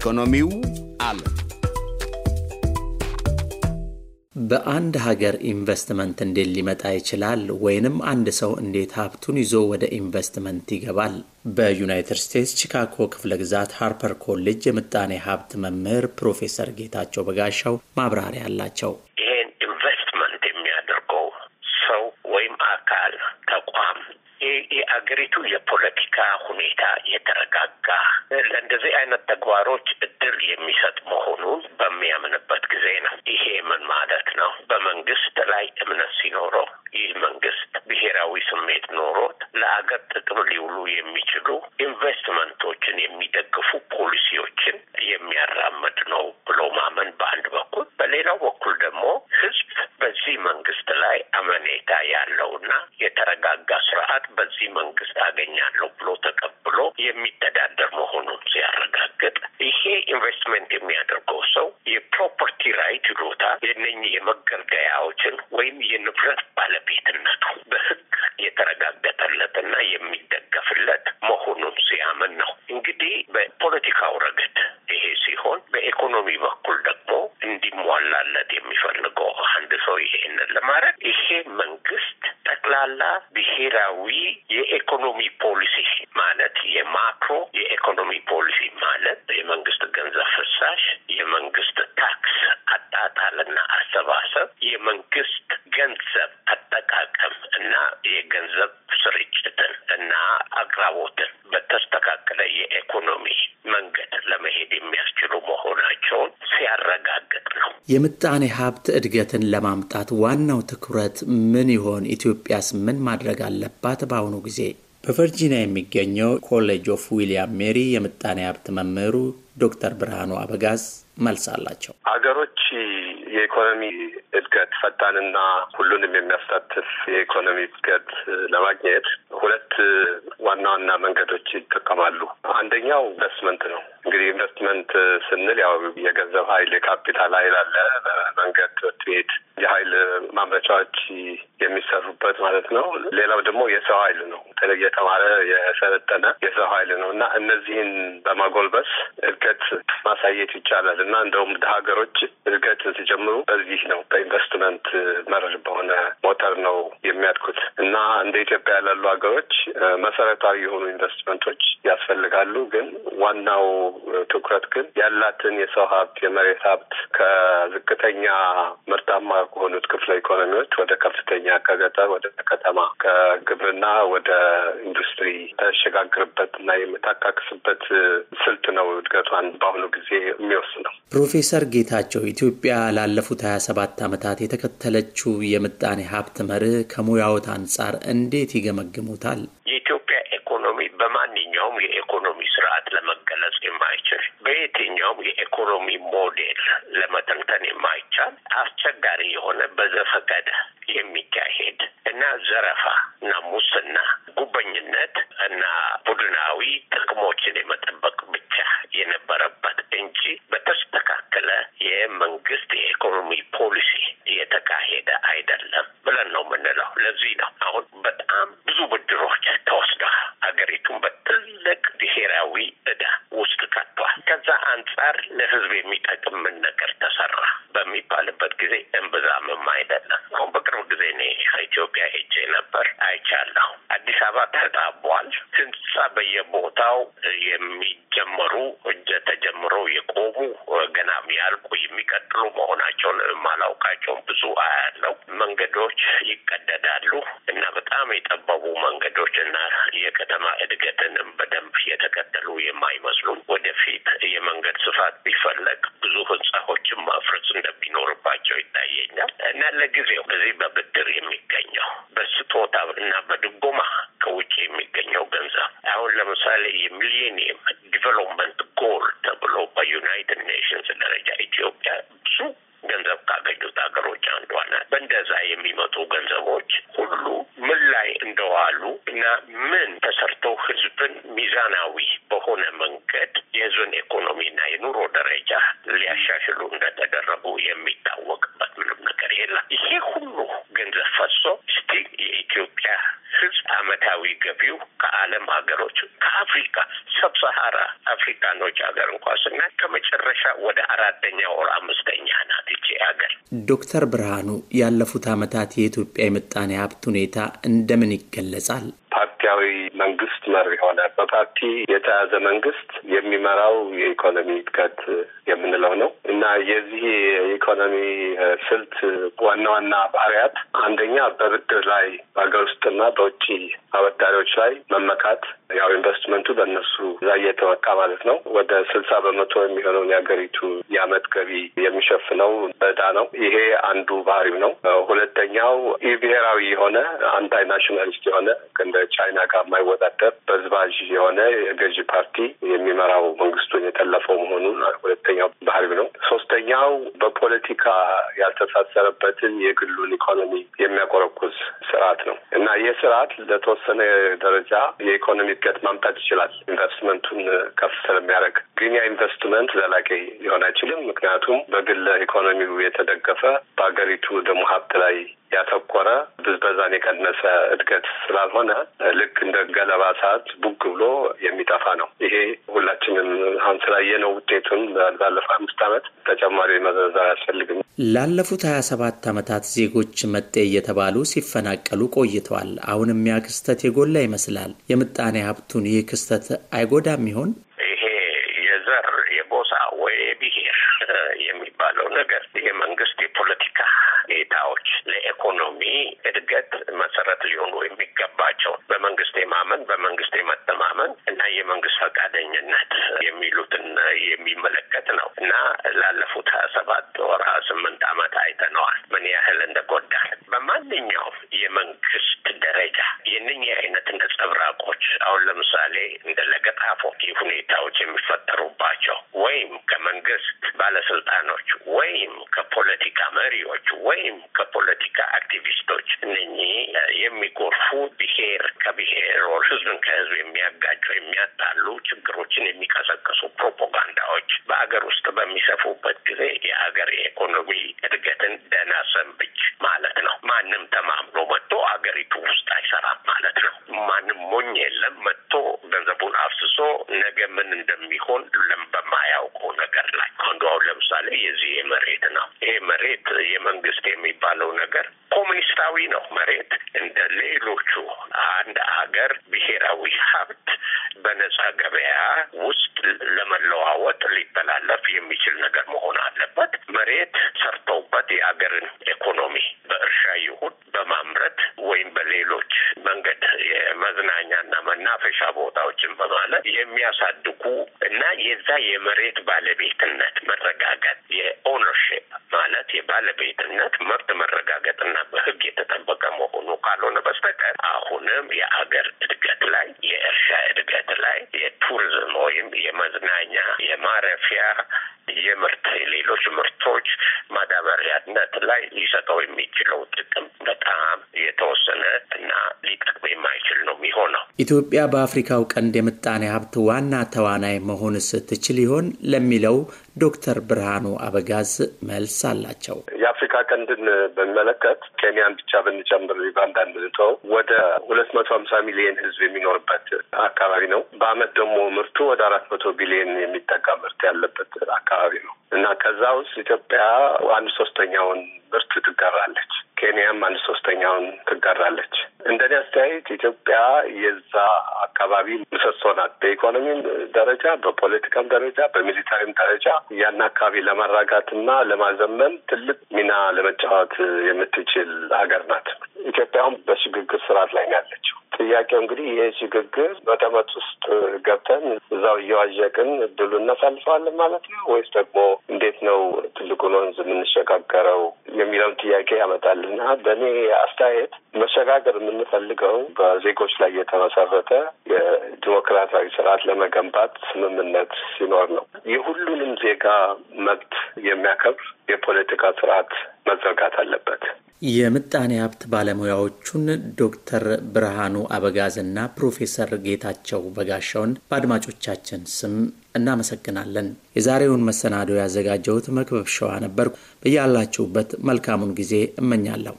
ኢኮኖሚው አለ። በአንድ ሀገር ኢንቨስትመንት እንዴት ሊመጣ ይችላል? ወይንም አንድ ሰው እንዴት ሀብቱን ይዞ ወደ ኢንቨስትመንት ይገባል? በዩናይትድ ስቴትስ ቺካጎ ክፍለ ግዛት ሃርፐር ኮሌጅ የምጣኔ ሀብት መምህር ፕሮፌሰር ጌታቸው በጋሻው ማብራሪያ አላቸው። ተግባሮች እድል የሚሰጥ መሆኑን በሚያምንበት ጊዜ ነው። ይሄ ምን ማለት ነው? በመንግስት ላይ እምነት ሲኖረው ይህ መንግስት ብሔራዊ ስሜት ኖሮት ለአገር ጥቅም ሊውሉ የሚችሉ ኢንቨስትመንቶችን የሚደግፉ ፖሊሲዎችን የሚያራምድ ነው ብሎ ማመን በአንድ በኩል፣ በሌላው በኩል ደግሞ ህዝብ በዚህ መንግስት ላይ አመኔታ ያለውና የተረጋጋ ስርዓት በዚህ መንግስት አገኛለሁ ብሎ ተቀብሎ የሚተዳ የሚደገፍለት መሆኑን ሲያምን ነው። እንግዲህ በፖለቲካው ረገድ ይሄ ሲሆን፣ በኢኮኖሚ በኩል ደግሞ እንዲሟላለት የሚፈልገው አንድ ሰው ይሄንን ለማድረግ ይሄ መንግስት ጠቅላላ ብሔራዊ የኢኮኖሚ ፖሊሲ ማለት የማክሮ የኢኮኖሚ ፖሊሲ ማለት የመንግስት ገንዘብ ፍሳሽ መሆናቸውን ሲያረጋግጥ ነው። የምጣኔ ሀብት እድገትን ለማምጣት ዋናው ትኩረት ምን ይሆን? ኢትዮጵያስ ምን ማድረግ አለባት በአሁኑ ጊዜ? በቨርጂኒያ የሚገኘው ኮሌጅ ኦፍ ዊሊያም ሜሪ የምጣኔ ሀብት መምህሩ ዶክተር ብርሃኑ አበጋዝ መልስ አላቸው። አገሮች የኢኮኖሚ እድገት ፈጣንና ሁሉንም የሚያሳትፍ የኢኮኖሚ እድገት ለማግኘት ሁለት ዋና ዋና መንገዶች ይጠቀማሉ። አንደኛው ኢንቨስትመንት ነው። እንግዲህ ኢንቨስትመንት ስንል ያው የገንዘብ ኃይል የካፒታል ኃይል አለ። በመንገድ ትምህርት ቤት የኃይል ማምረቻዎች የሚሰሩበት ማለት ነው። ሌላው ደግሞ የሰው ኃይል ነው። በተለይ የተማረ የሰለጠነ የሰው ኃይል ነው እና እነዚህን በማጎልበስ እድገት ማሳየት ይቻላል እና እንደውም ሀገሮች እድገት ሲጀምሩ በዚህ ነው በኢንቨስት ኢንቨስትመንት መረር በሆነ ሞተር ነው የሚያድኩት እና እንደ ኢትዮጵያ ያላሉ ሀገሮች መሰረታዊ የሆኑ ኢንቨስትመንቶች ግን ዋናው ትኩረት ግን ያላትን የሰው ሀብት የመሬት ሀብት ከዝቅተኛ ምርታማ ከሆኑት ክፍለ ኢኮኖሚዎች ወደ ከፍተኛ ከገጠር ወደ ከተማ ከግብርና ወደ ኢንዱስትሪ ተሸጋግርበት እና የምታካክስበት ስልት ነው እድገቷን በአሁኑ ጊዜ የሚወስነው። ፕሮፌሰር ጌታቸው ኢትዮጵያ ላለፉት ሀያ ሰባት ዓመታት የተከተለችው የምጣኔ ሀብት መርህ ከሙያዎት አንጻር እንዴት ይገመግሙታል? አይችል በየትኛውም የኢኮኖሚ ሞዴል ለመተንተን የማይቻል አስቸጋሪ የሆነ በዘፈቀደ የሚካሄድ እና ዘረፋ እና ሙስና፣ ጉበኝነት እና ቡድናዊ ጥቅሞችን የመጠበቅ ቦታው የሚጀመሩ ተጀምረው የቆሙ ገና ያልቁ የሚቀጥሉ መሆናቸውን ማላውቃቸውን ብዙ አያለው። መንገዶች ይቀደዳሉ እና በጣም የጠበቡ መንገዶች እና የከተማ እድገትንም በደንብ የተከተሉ የማይመስሉ ወደፊት የመንገድ ስፋት ቢፈለግ ብዙ ህንጻዎችን ማፍረስ እንደሚኖርባቸው ይታየኛል እና ለጊዜው እዚህ በብድር የሚገኘው በስጦታ እና በድጎ የሚሊኒየም ዲቨሎፕመንት ጎል ተብሎ በዩናይትድ ኔሽንስ ደረጃ ኢትዮጵያ ብዙ ገንዘብ ካገኙት ሀገሮች አንዷ ናት። በእንደዛ የሚመጡ ገንዘቦች ሁሉ ምን ላይ እንደዋሉ እና ምን አመታዊ ገቢው ከዓለም ሀገሮች ከአፍሪካ ሰብሰሃራ አፍሪካኖች ሀገር እንኳ ስናይ ከመጨረሻ ወደ አራተኛ ወር አምስተኛ ናት ይቺ ሀገር። ዶክተር ብርሃኑ ያለፉት አመታት የኢትዮጵያ የምጣኔ ሀብት ሁኔታ እንደምን ይገለጻል? ፓርቲያዊ መንግስት መስመር የሆነ በፓርቲ የተያዘ መንግስት የሚመራው የኢኮኖሚ እድገት የምንለው ነው እና የዚህ የኢኮኖሚ ስልት ዋና ዋና ባህሪያት አንደኛ በብድር ላይ በሀገር ውስጥና በውጭ አበዳሪዎች ላይ መመካት ያው ኢንቨስትመንቱ በእነሱ እዛ እየተወጣ ማለት ነው። ወደ ስልሳ በመቶ የሚሆነውን የሀገሪቱ የአመት ገቢ የሚሸፍነው በዳ ነው። ይሄ አንዱ ባህሪው ነው። ሁለተኛው ብሔራዊ የሆነ አንታይ ናሽናሊስት የሆነ እንደ ቻይና ጋር የማይወዳደር በዝባዥ የሆነ የገዢ ፓርቲ የሚመራው መንግስቱን የጠለፈው መሆኑን ሁለተኛው ባህሪው ነው። ሶስተኛው በፖለቲካ ያልተሳሰረበትን የግሉን ኢኮኖሚ የሚያቆረቁዝ ስርዓት ነው እና ይህ ስርዓት ለተወሰነ ደረጃ የኢኮኖሚ እድገት ማምጣት ይችላል። ኢንቨስትመንቱን ከፍ ስለሚያደርግ ግን ያ ኢንቨስትመንት ዘላቂ ሊሆን አይችልም። ምክንያቱም በግል ኢኮኖሚው የተደገፈ በሀገሪቱ ደግሞ ሀብት ላይ ያተኮረ ብዝበዛን የቀነሰ እድገት ስላልሆነ ልክ እንደ ገለባ ሰዓት ቡግ ብሎ የሚጠፋ ነው። ይሄ ሁላችንም አሁን ስላየነው ውጤቱን ባለፈው አምስት ዓመት ተጨማሪ መዘዛ አያስፈልግም። ላለፉት ሀያ ሰባት ዓመታት ዜጎች መጤ እየተባሉ ሲፈናቀሉ ቆይተዋል። አሁንም ያ ክስተት የጎላ ይመስላል። የምጣኔ ሀብቱን ይህ ክስተት አይጎዳም ይሆን? ይሄ የዘር የጎሳ ወይ የብሄር የሚባለው ነገር የመንግስት የፖለቲካ ሁኔታዎች ለኢኮኖሚ እድገት መሰረት ሊሆኑ የሚገባቸው በመንግስት የማመን በመንግስት የመተማመን እና የመንግስት ፈቃደኝነት የሚሉትን የሚመለከ ነው እና ላለፉት ሀያ ሰባት ወር ሀያ ስምንት አመት አይተነዋል ምን ያህል እንደጎዳል። በማንኛውም የመንግስት ደረጃ የእነኚህ አይነት ነጸብራቆች አሁን ለምሳሌ እንደ ለገጣፎ ሁኔታዎች የሚፈጠሩባቸው ወይም ከመንግስት ባለስልጣኖች ወይም ከፖለቲካ መሪዎች ወይም ከፖለቲካ አክቲቪስቶች እነኚህ የሚጎርፉ ብሄር ከብሄር ወር ህዝብን ከህዝብ የሚያጋጩ የሚያጣሉ ችግሮችን የሚቀሰቅሱ ፕሮፓጋንዳዎች በአገ ሀገር ውስጥ በሚሰፉበት ጊዜ የሀገር የኢኮኖሚ እድገትን ደህና ሰንብች ማለት ነው። ማንም ተማምኖ መጥቶ ሀገሪቱ ውስጥ አይሰራም ማለት ነው። ማንም ሞኝ የለም መጥቶ ገንዘቡን አፍስሶ ነገ ምን እንደሚሆን በማያውቀው ነገር ላይ አንዱ አሁን ለምሳሌ የዚህ የመሬት ነው። ይሄ መሬት የመንግስት የሚባለው ነገር ኮሚኒስታዊ ነው። መሬት እንደ ሌሎቹ አንድ ሀገር ብሔራዊ ሀብት በነጻ ገበያ የመሬት ባለቤትነት መረጋገጥ የኦነርሽፕ ማለት የባለቤትነት መብት መረጋገጥና በህግ የተጠበቀ መሆኑ ካልሆነ በስተቀር አሁንም የአገር እድገት ላይ የእርሻ እድገት ላይ የቱሪዝም ወይም የመዝናኛ የማረፊያ የምርት ሌሎች ምርቶች ማዳ ነት ላይ ሊሰጠው የሚችለው ጥቅም በጣም የተወሰነ እና ሊጠቅም የማይችል ነው የሚሆነው። ኢትዮጵያ በአፍሪካው ቀንድ የምጣኔ ሀብት ዋና ተዋናይ መሆን ስትችል ይሆን ለሚለው ዶክተር ብርሃኑ አበጋዝ መልስ አላቸው። ቀንድን በሚመለከት ኬንያን ብቻ ብንጨምር ዩጋንዳን ብንተው ወደ ሁለት መቶ ሀምሳ ሚሊየን ህዝብ የሚኖርበት አካባቢ ነው። በአመት ደግሞ ምርቱ ወደ አራት መቶ ቢሊየን የሚጠጋ ምርት ያለበት አካባቢ ነው እና ከዛ ውስጥ ኢትዮጵያ አንድ ሶስተኛውን ምርት ትጋራለች። ኬንያም አንድ ሶስተኛውን ትጋራለች። እንደኔ አስተያየት ኢትዮጵያ የዛ አካባቢ ምሰሶ ናት። በኢኮኖሚም ደረጃ፣ በፖለቲካም ደረጃ፣ በሚሊታሪም ደረጃ ያን አካባቢ ለማራጋት እና ለማዘመን ትልቅ ሚና ለመጫወት የምትችል ሀገር ናት። ኢትዮጵያም በሽግግር ስርዓት ላይ ያለችው። ጥያቄው እንግዲህ ይሄ ሽግግር በተመት ውስጥ ገብተን እዛው እየዋዠቅን እድሉ እናሳልፈዋለን ማለት ነው ወይስ ደግሞ እንዴት ነው ትልቁን ወንዝ የምንሸጋገረው የሚለውን ጥያቄ ያመጣል እና በእኔ አስተያየት መሸጋገር የምንፈልገው በዜጎች ላይ የተመሰረተ የዲሞክራሲያዊ ስርዓት ለመገንባት ስምምነት ሲኖር ነው። የሁሉንም ዜጋ መብት የሚያከብር የፖለቲካ ስርዓት መዘርጋት አለበት። የምጣኔ ሀብት ባለ ባለሙያዎቹን ዶክተር ብርሃኑ አበጋዝና ፕሮፌሰር ጌታቸው በጋሻውን በአድማጮቻችን ስም እናመሰግናለን። የዛሬውን መሰናዶ ያዘጋጀሁት መክበብ ሸዋ ነበርኩ። በያላችሁበት መልካሙን ጊዜ እመኛለሁ።